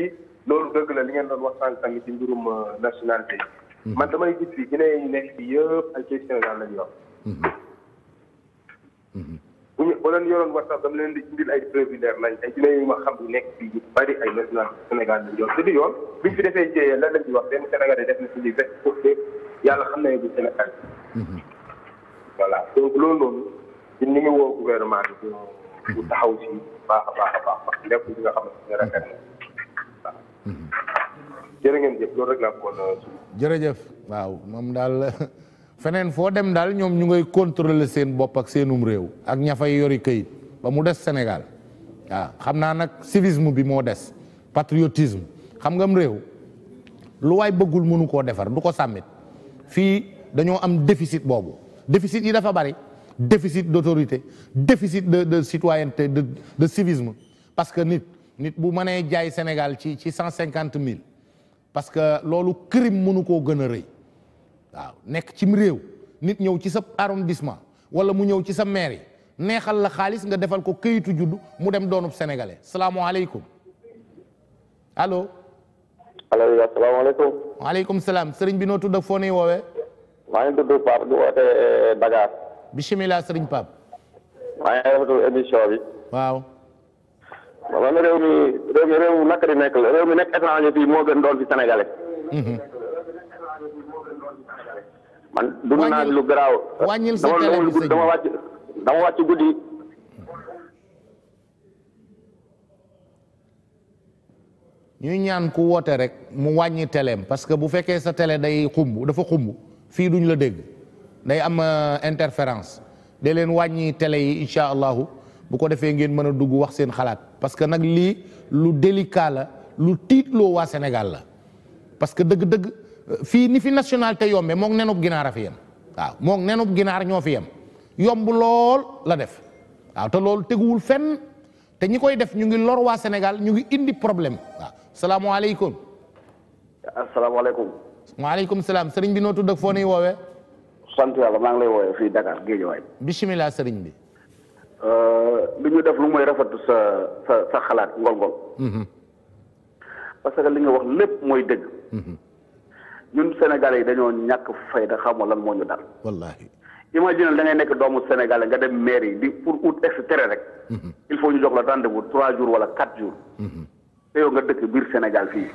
loolu dëgg la li ngeen doon wax sànq tamit ci mbirum euh, nationalité mm-hmm. man damay gis fii Guinée yi nekk fii yëpp ay question daal la ñu bu ñu leen yoroon WhatsApp leen di indil ay preuve nañ ma xam yu bari ay nationalité Sénégal lañ yor te du yoon buñ fi defee jiyee la lañ di wax benn Sénégalais def na fi lii rek pour que yàlla xam na ne Sénégal mm-hmm. voilà loolu noonu ñun ñu mhm. euh, waaw moom daal feneen foo dem daal ñoom ñu ngay contrôler seen bopp ak seenum réew ak ña fay yori këyit ba mu des senegal waaw xam naa nag civisme bi moo des patriotisme xam ngam réew lu waay bëggul mënu koo defar du ko sàmmit fii dañoo am déficit boobu déficit yi dafa bari déficit d'autorité déficit de de citoyenneté de de civisme parce que nit nit bu mënee jaay Sénégal ci ci cent cinquante mille parce que loolu crime mënu koo gën a rëy waaw nekk cim réew nit ñëw ci sa arrondissement wala mu ñëw ci sa mairie neexal la xaalis nga defal ko këyitu juddu mu dem doonub sénégalais salaamaaleykum allo. allo asalaamaaleykum. waaleykum salaam sëriñ bi noo tudd foo nii woowee. maa ngi tudd Pape di woote eh, sëriñ Pape. maa ngi rafetlu bi. waaw. man réew mi réew mi réew naka di nekk réew mi nekk étranger fii moo gën doon fi sénégalais. Mhm. man dund naa lu garaaw. wàññil sa télé bi dama wàcc dama guddi. ñuy ñaan ku woote rek mu wàññi teleem parce que bu fekkee sa télé day xumb dafa xumb. fii duñ la dégg day am euh, interférence de leen wàññi tele yi incha allahu bu ko defee ngeen mën a dugg wax seen xalaat parce que nag lii lu délicat la lu tiitloo waa Sénégal la parce que dëgg-dëgg euh, fii ni fi national nationalité yombe moog nenub ginaar a fi yem waaw moog nenub ginaar ñoo fi yem yomb lool la def waaw te loolu teguwul fen te ñi koy def ñu ngi lor waa Sénégal ñu ngi indi problème waaw salaamaaleykum. asalaamaaleykum. waaleykum salaam sëriñ bi noo tudd ak foo nuy woowee. sant yàlla maa ngi lay woowee fii Dakar Guédiawaye. bisimilah sëriñ bi. Euh, li ñu def lu mooy rafetlu sa sa xalaat ngol-ngol. Mhm. parce que li nga wax lépp mooy dëgg. Mhm. ñun Sénégalais yi dañoo ñàkk fay fayda xamoo lan moo ñu dal. wallaahi. imagine da ngay nekk doomu Sénégalais nga dem maire yi di pour ut extrait rek. Mhm. il faut ñu jox la rendez-vous trois jours wala quatre jours. te yow nga dëkk biir Sénégal fii.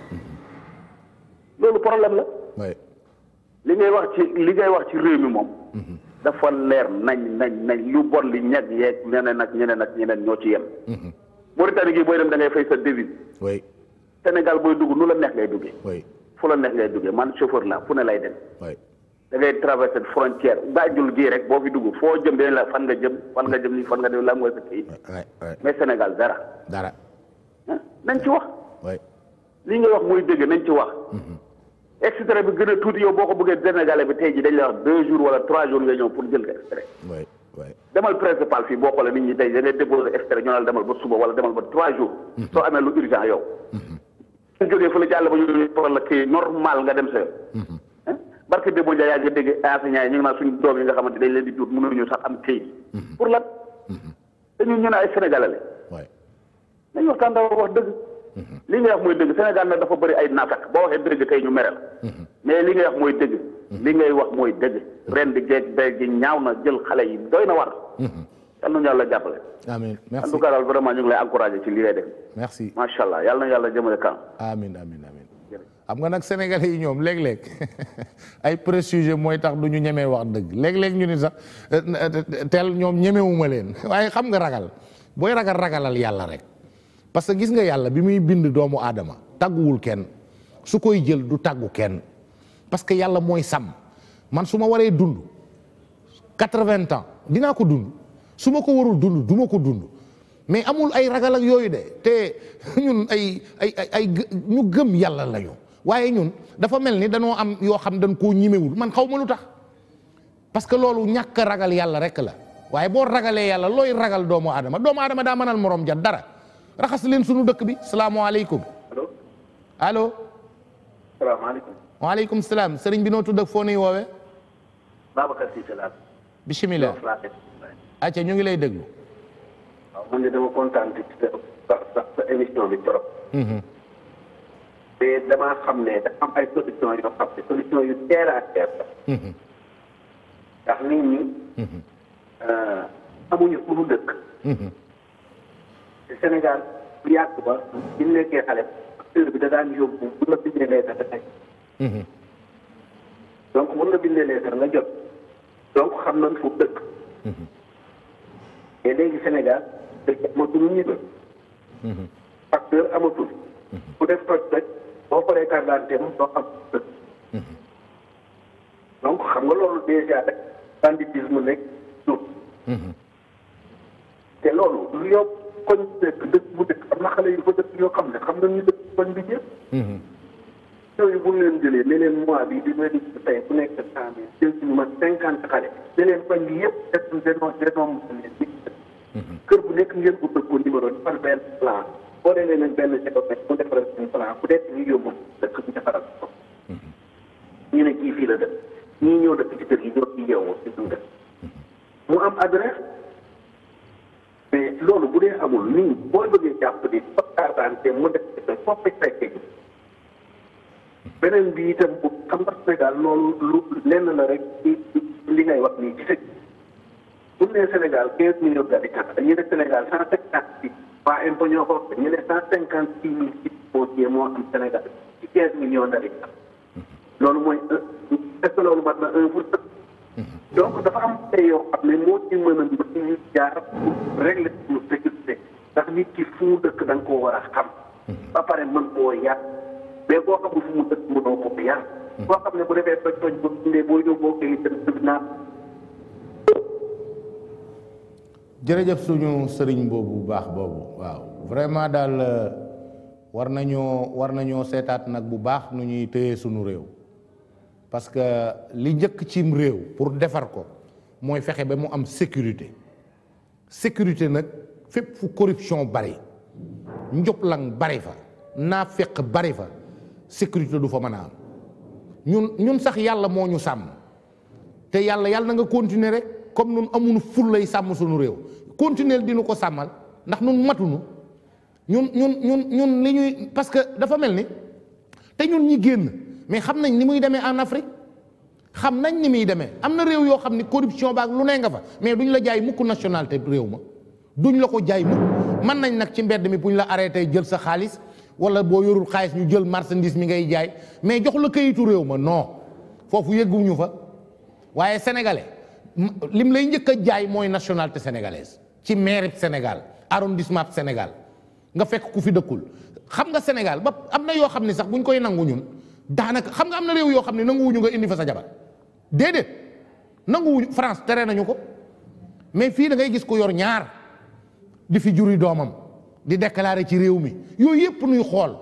loolu problème la. li ngay wax ci li ngay wax ci réew mi moom. Mhm. dafa leer nañ nañ nañ lu bon li ñag yeeg ñeneen ak ñeneen ak ñeneen ñoo ci yem. Mhm. Mauritanie gi booy dem da ngay fay sa devise. oui Sénégal booy dugg nu la neex ngay duggee. oui fu la neex ngay duggee man chauffeur la fu ne lay dem. dangay ngay traversé frontière Banjul gii rek boo fi dugg foo jëm dinañ la fan nga jëm fan nga jëm nii fan nga dem la am nga sa kayit. mais Sénégal dara. dara ah, nañ ci wax. li nga wax muy dëgg nañ ci wax. Mhm. extrait bi gën a tuuti yow boo ko bëggee Sénégalais bi tey ji dañ la wax deux jours wala trois jours nga ñëw pour jël ko extrait demal principal fii boo xoolee nit ñi tey da ngay déposé extrait ñoo naan demal ba suba wala demal ba trois jours mm-hmm. soo amee lu urgent yow ñu mm-hmm. jógee fële jàll ba ñu poral normal nga dem sa yoon mm-hmm. barke Demba Ndiaye yaa ngi dégg enseignant yi ñu ngi naan suñu doom yi nga xamante dañ leen di duut mënuñu sax am kayit pour lan dañu ñu ne ay la nañu waxtaan daw wax dëgg li nga wax mooy dëgg Sénégal nag dafa bari ay naafak boo waxee dëgg tey ñu mere la mhm. mais li ngay wax mooy dëgg mhm. li ngay wax mooy dëgg mhm. ren di geeg bee ñaaw na jël xale yi doy na war yàlla na yàlla jàppale amiin merci en tout cas daal vraiment ñu ngi ci li ngay def macha allah yàlla yàlla jëmale kanam amiin amiin amiin xam nga nag sénégalais yi ñoom léeg-léeg ay préjugés mooy tax du ñu ñemee wax dëgg léeg-léeg ñu ni sax euh, euh, teel ñoom ñemewuma leen waaye xam nga ragal booy ragal ragalal yàlla rek parce que gis nga yàlla bi muy bind doomu aadama tàgguwul kenn su koy jël du tàggu kenn parce que yàlla mooy sàmm man su ma waree dund quatre-vingts ans dinaa ko dund su ma ko warul dund du ma ko dund mais amul ay ragal ak yooyu de te ñun ay ay ay ñu gëm yàlla lañu waaye ñun dafa mel ni danoo am yoo xam dañ koo ñimewul man xaw ma lu tax parce que loolu ñàkk ragal yàlla rek la waaye boo ragalee yàlla looy ragal doomu aadama doomu aadama daa mënal moroom ja dara raxas leen sunu dëkk bi salaamaaleykum. allo allo. salaamaaleykum. waaleykum salaam sëriñ bi noo tudd ak foo nuy woowee. Babacar Cissé laa. bisimilah. acca ñu ngi lay déglu. waaw man de dama kontaan ci bi trop. mais mhm. damaa xam ne dafa am ay solution yoo xam ne solution yu terre mhm. mhm. euh, dëkk. Sénégal bu yàgg ba bi mu nekkee xale acteur bi da daan yóbbu bu la bindee leetar da mun nga mhm. bindee leetar nga jot donc xam nañ fu dëkk mais mhm. léegi Sénégal dëkk amatul ñu ba facteur amatul mhm. ku def toj toj boo paree carte d'identité am xam donc xam nga loolu déjà rek banditisme nekk suuf te loolu lu yóbbu koñ dëkk dëkk bu dëkk am na xale yu fa dëkk yoo xam ne xam nañu dëkk koñ bi yëpp. Mhm. yooyu bu leen jëlee ne mois bi di may tey ku nekk cent mille jël ma cinquante xale ne leen bi yëpp def dénom dénombre leen bi bu nekk ngeen utal ko numéro di par benn plan boo demee benn chef mu defaral suñu plan ku nekk ñu yóbbu dëkk bi ko mhm. ñu ne fii la dëkk ñii ñëw dëkk ci kër yi ñoo ci yeewoo ci suñu dëkk mhm. mu am adresse mais loolu bu dee amul nii boo bëggee jàpp ni fakkaataante mu def ci foofu fekke gi beneen bi itam bu xam nga Sénégal loolu lu lenn la rek li ngay wax nii ci sëg bu nee Sénégal quinze millions d'habitants dañuy ne Sénégal cent cinquante six waa impôt ñoo ko ñu sa cent cinquante six mille six foncier moo am Sénégal ci loolu mooy est-ce que loolu mat na Mm-hmm. donc dafa am ay yoo xam ne moo ci mën a suñu sécurité fu mu dëkk da nga koo war a xam. Mm-hmm. ba pare mën koo yar mais boo xamul fu mu dëkk mënoo ko yar. Mm-hmm. boo xam ne bu defee toj toj bu dundee boo ñëw boo koy dem tribunal. jërëjëf suñu sëriñ boobu bu baax boobu waaw vraiment daal euh, war nañoo war nañoo seetaat nag bu baax nu ñuy téye suñu réew. parce que li njëkk cim réew pour defar ko mooy fexe ba mu am sécurité sécurité nag fépp fu corruption bari njublang bari fa naa naaféq bari fa sécurité du fa mën a am ñun ñun sax yàlla moo ñu sàmm te yàlla yàlla na nga continuer rek comme nun amuñu fullay sàmm suñu réew continuer dinu ko sàmmal ndax nun matuñu ñun ñun ñun ñun li ñuy parce que dafa mel ni te ñun ñi génn mais xam nañ ni muy demee en Afrique xam nañ ni muy demee am na réew yoo xam ni corruption baak lu nee nga fa mais duñ la jaay mukk nationalité réew ma duñ la ko jaay mukk mën nañ nag ci mbedd mi buñ la arrêté jël sa xaalis wala boo yorul xaalis ñu jël marchandise mi ngay jaay mais jox la këyitu réew ma non foofu yëgguñu fa waaye sénégalais lim lay njëkk a jaay mooy nationalité sénégalaise ci mairie Sénégal arrondissement Sénégal nga fekk ku fi dëkkul xam nga Sénégal ba am na yoo xam ne sax buñ koy nangu ñun. daanaka xam nga am na réew yoo xam ne nanguwuñu nga indi fa sa jabar déedéet nanguwuñu France tere nañu ko mais fii da ngay gis ko yor ñaar di fi juri doomam di déclarer ci réew mi yooyu yëpp nuy xool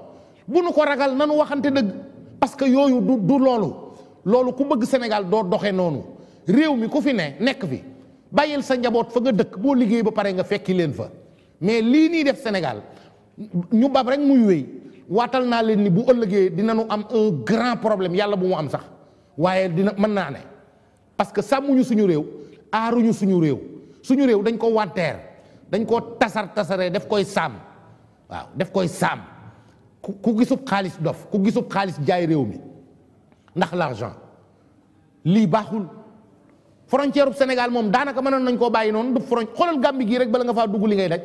bu nu ko ragal nanu waxante dëgg parce que yooyu du loolu loolu ku bëgg Sénégal doo doxee noonu réew mi ku fi ne nekk fi bàyyil sa njaboot fa nga dëkk boo liggéey ba pare nga fekki leen fa mais lii nii def Sénégal ñu bab rek muy wéy waatal naa leen ni bu ëllëgee dinañu am un grand problème yàlla bu mu am sax waaye dina mën naa ne parce que sàmmuñu suñu réew aaruñu suñu réew suñu réew dañ ko wanteer dañ koo tasar tasaree daf koy saam waaw daf koy saam ku gisub xaalis dof ku gisub xaalis jaay réew mi ndax l'argent lii baaxul frontière u Sénégal moom daanaka mënoon nañ koo bàyyi noonu du frontière xoolal Gambie gii rek bala nga faa dugg li ngay daj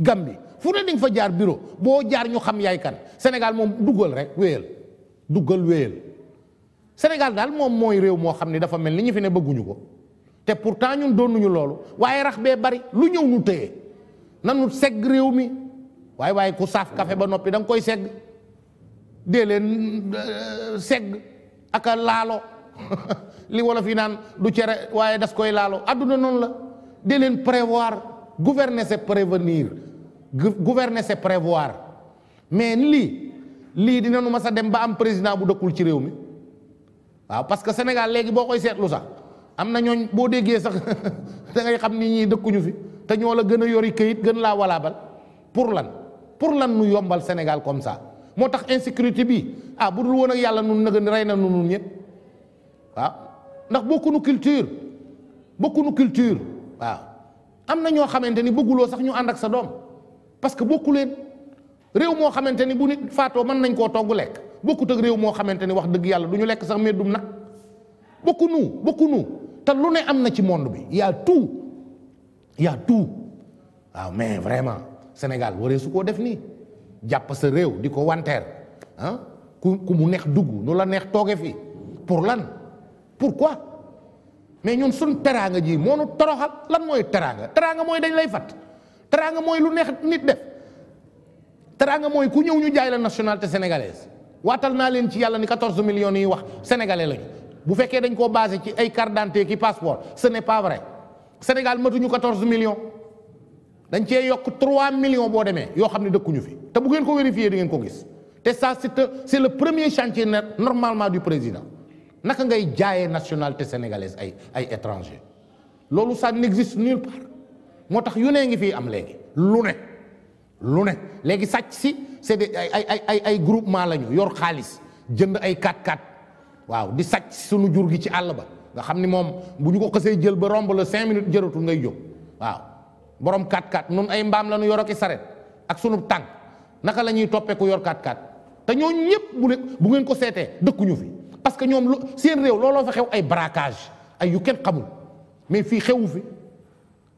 Gambie fu ne dinga fa jaar bureau boo jaar ñu xam yaay kan Sénégal moom duggal rek wéyal duggal wéyal Sénégal daal moom mooy réew moo xam ni dafa mel ni ñu fi ne bëgguñu ko te pourtant ñun doonuñu loolu waaye rax bee bari lu ñëw ñu téye nanu segg réew mi waaye waaye ku saaf kafe ba noppi danga koy segg dee leen euh, segg ak a laalo li wolof yi naan du cere waaye das koy laalo adduna noonu la dee leen prévoir gouverner c'est prévenir gouverner c'est prévoir mais lii lii dina nu ma a dem ba am président bu dëkkul ci réew mi waaw parce que Sénégal léegi boo koy seetlu sax am na ñooñ boo déggee sax da ngay xam ni ñii dëkkuñu fi te ñoo la gën a yori këyit gën laa walaabal pour lan pour lan nu yombal Sénégal comme sax moo tax insécurité bii ah bu dul woon ak yàlla nun nëga ni rey na nu nun ñëpp waaw ndax bokkunu culture bokkunu culture waaw am na ñoo xamante ni bëgguloo sax ñu ànd ak sa doom parce que bokku leen réew moo xamante ni bu nit faatoo mën nañ koo togg lekk bokkut ak réew moo xamante ni wax dëgg yàlla du ñu lekk sax meddum nag bokku nu bokku nu te lu ne am na ci monde bi y a tout y a waaw mais vraiment Sénégal waree su koo def nii jàpp sa réew di ko wanteer ah ku ku mu neex dugg nu la neex tooge fi pour lan pour pourquoi mais ñun suñ teraanga ji moo nu toroxal lan mooy teraanga teraanga mooy dañ lay fat teraanga mooy lu neex nit def teraanga mooy ku ñëw ñu jaay la nationalité sénégalaise waatal naa leen ci yàlla ni 14 millions yi wax sénégalais lañu bu fekkee dañ koo basé ci ay carte d'identité ki passeport ce n'est pas vrai Sénégal matuñu 14 million dañ cee yokk 3 millions boo demee yoo xam ne dëkkuñu fi te bu ngeen ko vérifier di ngeen ko gis te ça c'est c'est le premier chantier normalement du président naka ngay jaayee national sénégalaise ay ay étranger moo tax yu ne ngi fii am léegi lu ne lu ne léegi sàcc si c'est ay ay ay ay groupement la ñu yor xaalis jënd ay 4-4 waaw di sàcc suñu jur gi ci àll ba nga xam ni moom bu ñu ko xësee jël ba romb la cinq minutes jëratul ngay jóg waaw borom 4-4 nun ay mbaam la nu yor ak i saret ak sunu tànk naka la ñuy toppee ku yor 4-4 te ñooñu ñëpp bu ne bu ngeen ko seetee dëkkuñu fi parce que ñoom lu seen réew looloo fa xew ay braquage ay yu kenn xamul mais fii xewu fi.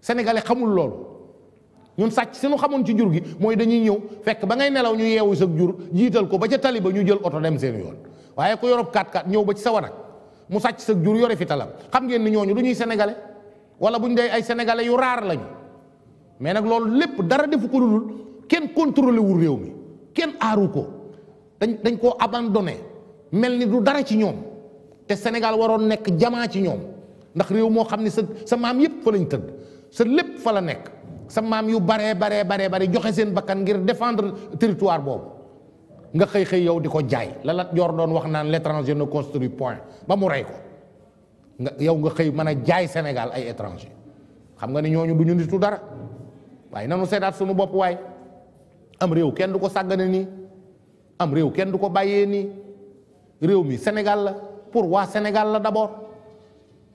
sénégalais xamul loolu ñun sàcc si nu xamoon ci jur gi mooy dañuy ñëw fekk ba ngay nelaw ñu yeewu sa jur jiital ko ba ca tali ba ñu jël oto dem seen yoon waaye ko yorob 4 x ñëw ba ci sa mu sàcc sa jur yore fi talam xam ngeen ni ñooñu du ñuy sénégalais wala bu ñu dee ay sénégalais yu raar lañu mais nag loolu lépp dara defu ko dul kenn contrôlé wul réew mi kenn aaru ko dañ dañ koo abandonné mel ni du dara ci ñoom te Sénégal waroon nekk jamaa ci ñoom ndax réew moo xam ne sa sa maam yépp fa lañ tëdd sa lépp fa la nekk sa maam yu baree baree baree bare joxe seen bakkan ngir défendre territoire boobu nga xëy xëy yow di ko jaay la Joor doon wax naan l'étranger ne construit point ba mu rey ko nga yow nga xëy man a jaay Sénégal ay étranger xam nga ni ñooñu bu ñu nitu dara waaye nanu seetaat suñu bopp waay am réew kenn du ko sàggane nii am réew kenn du ko bàyyee nii réew mi Sénégal la pour waa Sénégal la d'abord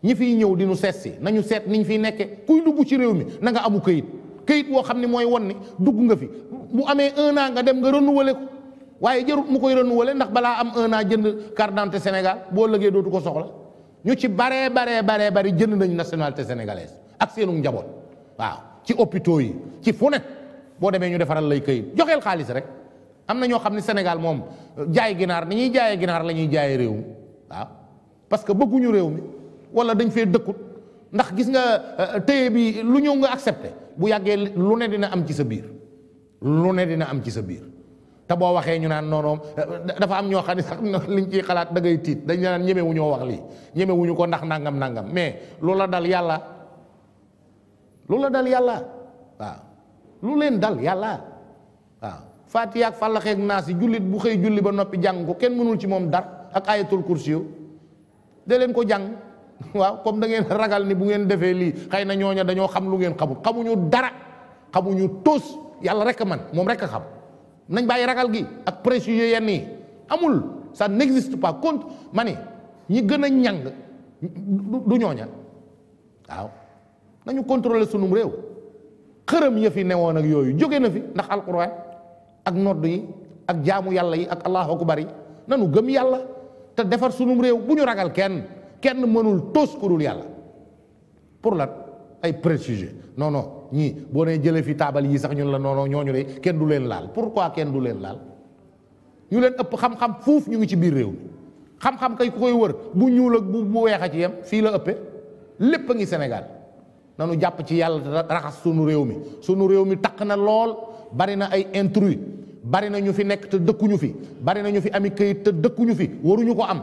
ñi fiy ñëw di seet si nañu seet niñ fiy nekke kuy dugg ci réew mi nanga amu këyit këyit woo xam ne mooy won ni dugg nga fi mu amee un an nga dem nga renouvelé ko waaye jarut mu koy renouvelé ndax balaa am un jënd carte d'identité Sénégal boo lëgee dootu ko soxla ñu ci baree baree baree bari jënd nañu nationalité sénégalaise ak seenu njaboot waaw ci hôpitaux yi ci fu ne boo demee ñu defaral lay këyit joxeel xaalis rek am na ñoo xam ne Sénégal moom jaay ginaar ni jaayee ginaar la ñuy jaayee réew mi waaw parce que bëgguñu réew mi. wala dañ fee dëkkut ndax gis nga euh, téye bi lu ñëw nga accepté bu yàggee lu ne dina am ci sa biir lu ne dina am ci sa biir te boo waxee ñu naan noonoom euh, dafa am ñoo xam ne sax liñ ciy xalaat da tiit dañ naan ñeme ñoo wax lii ñeme ñu ko ndax nangam nangam mais lu la dal yàlla lu la dal yàlla waaw lu leen dal yàlla waaw Faatiha ak Falaq ak yi jullit bu xëy julli ba noppi jàng ko kenn mënul ci moom dar ak ayatul kursi yo de leen ko jàng waaw comme da ngeen ragal ni bu ngeen defee lii xëy na ñooña dañoo xam lu ngeen xamul xamuñu dara xamuñu tos yàlla rek man moom rek a xam nañ bàyyi ragal gi ak préjugés yenn yi amul ça n'existe pas compte ma ni ñi gën a ñàng du ñooña waaw nañu contrôler sunum réew xërëm ya fi newoon ak yooyu jóge na fi ndax alquran ak nodd yi ak jaamu yàlla yi ak allahu akbar yi nanu gëm yàlla te defar sunum réew bu ñu ragal kenn kenn mënul tos ku dul yàlla pour la ay préjugé noonoo ñii boo ne jëlee fi taabal yii sax ñun la non non ñooñu de kenn du leen laal pour pourquoi kenn du leen laal ñu leen ëpp xam-xam fuuf ñu ngi ci biir réew mi xam-xam kay ku koy wër bu ñuul ak bu bu weex a ci yem fii la ëppee lépp a ngi Sénégal nanu jàpp ci yàlla raxas sunu réew mi sunu réew mi takk na lool bari na ay intrus bari na ñu fi nekk te dëkkuñu fi bari na ñu fi ami kayit te dëkkuñu fi waruñu ko am.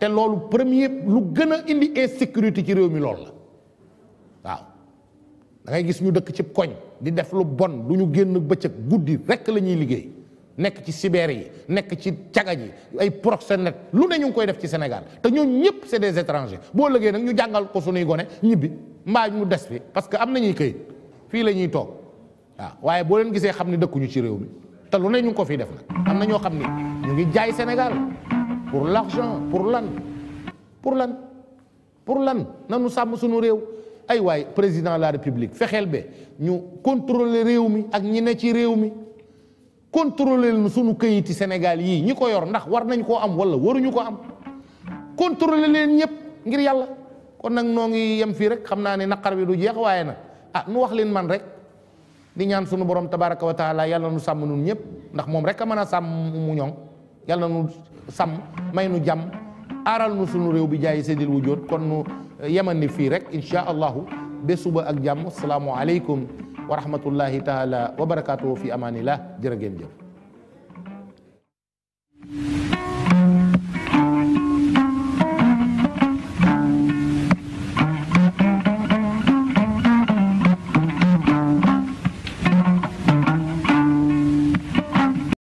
te loolu premier lu gën a indi insécurité ci réew mi lool la waaw da gis ñu dëkk ci koñ di def lu bon lu ñu génn bëccëg guddi rekk la ñuy liggéey nekk ci cyber yi nekk ci caga ji ay proxénète lu ne ñu ngi koy def ci Sénégal te ñooñ ñëpp c'est des étrangers boo liggéey nag ñu jàngal ko suñuy gone ñibbi mbaa mu des fi parce que am nañuy këyit fii la ñuy toog waaw waaye boo leen gisee xam ni dëkkuñu ci réew mi te lu ne ñu ngi ko fii def nag am pour l'argent pour lan pour lan pour lan nanu sàmm suñu réew ay waay président la république fexeel be ñu contrôler réew mi ak ñi ne ci réew mi contrôler nu suñu këyiti Sénégal yii ñi ko yor ndax war nañ koo am wala waruñu ko am contrôler leen ñëpp ngir yàlla kon nag noo ngi yem fii rek xam naa ne naqar bi du jeex waaye nag a ah, nu wax leen man rek di ñaan sunu borom tabaraka wa taala yàlla nu sàmm nun ñëpp ndax moom rek a mën a sàmm mu ñoŋ yàlla nu sàmm may nu jàmm aaral nu sunu réew bi jaay seydil wujoot kon eh, yemani fii rek insha allahu ba ak jàmm asalaamu aleykum wa rahmatullahi taala wa barakaatuhu fi amaanillah jërë ngeen jëf